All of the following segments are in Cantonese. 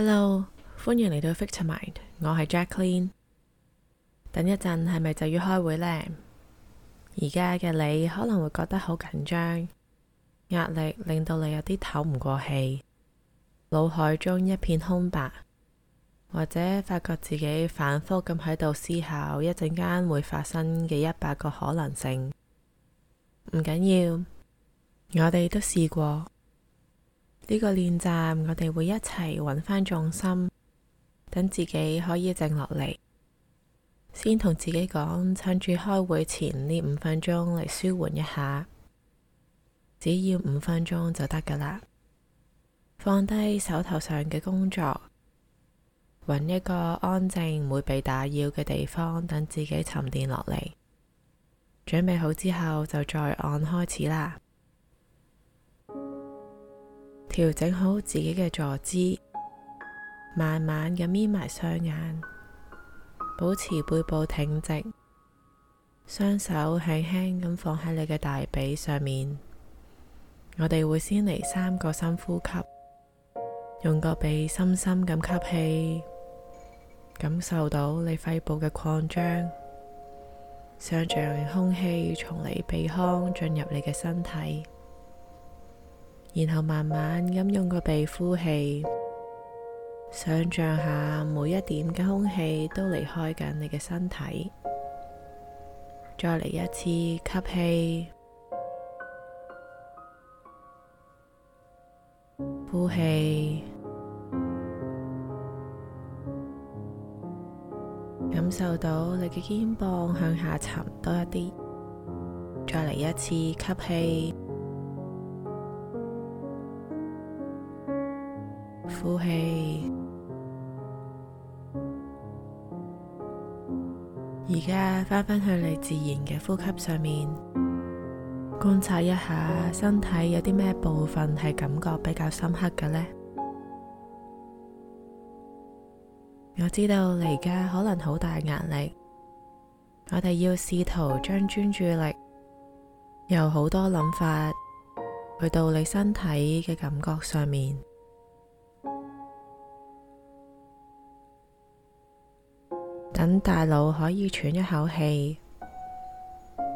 Hello，歡迎嚟到 Fiction Mind，我係 Jacklyn。等一陣係咪就要開會呢？而家嘅你可能會覺得好緊張，壓力令到你有啲透唔過氣，腦海中一片空白，或者發覺自己反復咁喺度思考，一陣間會發生嘅一百個可能性。唔緊要，我哋都試過。呢個練習，我哋會一齊揾返重心，等自己可以靜落嚟，先同自己講，趁住開會前呢五分鐘嚟舒緩一下，只要五分鐘就得㗎啦。放低手頭上嘅工作，揾一個安靜唔會被打擾嘅地方，等自己沉澱落嚟。準備好之後，就再按開始啦。調整好自己嘅坐姿，慢慢咁眯埋雙眼，保持背部挺直，雙手輕輕咁放喺你嘅大髀上面。我哋會先嚟三個深呼吸，用個鼻深深咁吸氣，感受到你肺部嘅擴張，想象空氣從你鼻腔進入你嘅身體。然後慢慢咁用個鼻呼氣，想象下每一點嘅空氣都離開緊你嘅身體。再嚟一次吸氣，呼氣，感受到你嘅肩膀向下沉多一啲。再嚟一次吸氣。呼氣，而家翻返去你自然嘅呼吸上面，觀察一下身體有啲咩部分係感覺比較深刻嘅呢？我知道你而家可能好大壓力，我哋要試圖將專注力由好多諗法去到你身體嘅感覺上面。等大腦可以喘一口氣，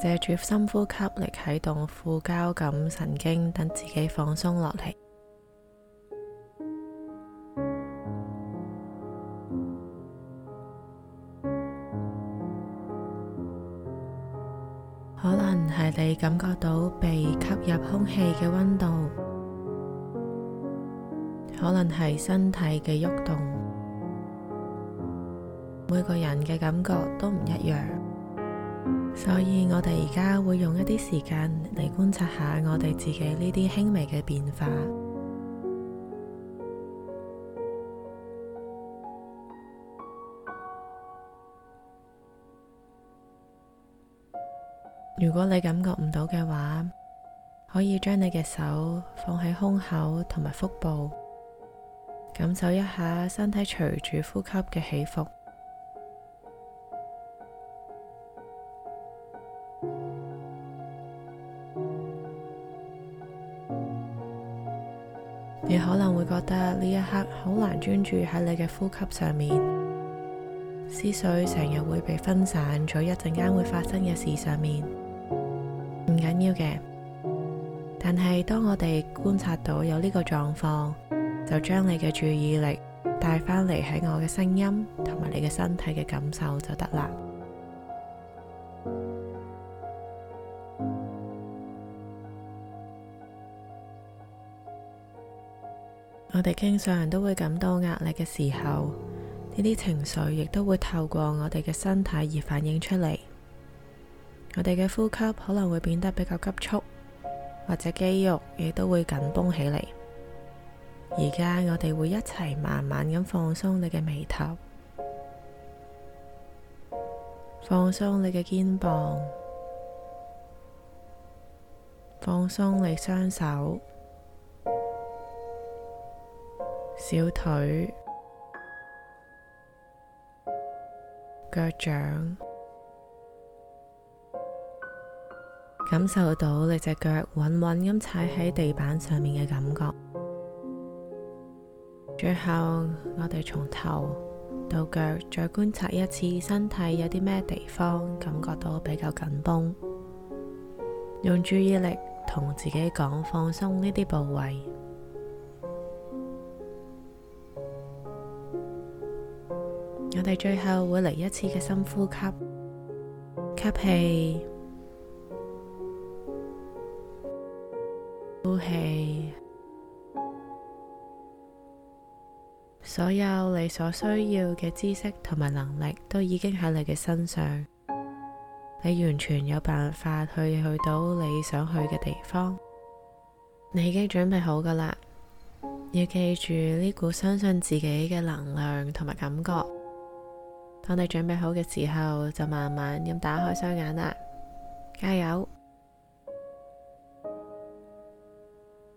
借住深呼吸嚟啟動副交感神經，等自己放鬆落嚟。可能係你感覺到被吸入空氣嘅溫度，可能係身體嘅喐動。每個人嘅感覺都唔一樣，所以我哋而家會用一啲時間嚟觀察下我哋自己呢啲輕微嘅變化。如果你感覺唔到嘅話，可以將你嘅手放喺胸口同埋腹部，感受一下身體隨住呼吸嘅起伏。你可能會覺得呢一刻好難專注喺你嘅呼吸上面，思緒成日會被分散咗，一陣間會發生嘅事上面，唔緊要嘅。但係當我哋觀察到有呢個狀況，就將你嘅注意力帶返嚟喺我嘅聲音同埋你嘅身體嘅感受就得啦。我哋經常人都會感到壓力嘅時候，呢啲情緒亦都會透過我哋嘅身體而反映出嚟。我哋嘅呼吸可能會變得比較急促，或者肌肉亦都會緊繃起嚟。而家我哋會一齊慢慢咁放鬆你嘅眉頭，放鬆你嘅肩膀，放鬆你雙手。小腿、腳掌，感受到你隻腳穩穩咁踩喺地板上面嘅感覺。最後，我哋從頭到腳再觀察一次身體，有啲咩地方感覺到比較緊繃，用注意力同自己講放鬆呢啲部位。我哋最後會嚟一次嘅深呼吸，吸氣，呼氣。所有你所需要嘅知識同埋能力都已經喺你嘅身上，你完全有辦法去去到你想去嘅地方。你已經準備好噶啦，要記住呢股相信自己嘅能量同埋感覺。當你準備好嘅時候，就慢慢咁打開雙眼喇。加油！